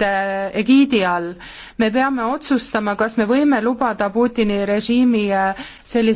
Äh, egiidi all. me peame otsustama, kas me võime lubada Putini režiimi äh, sellise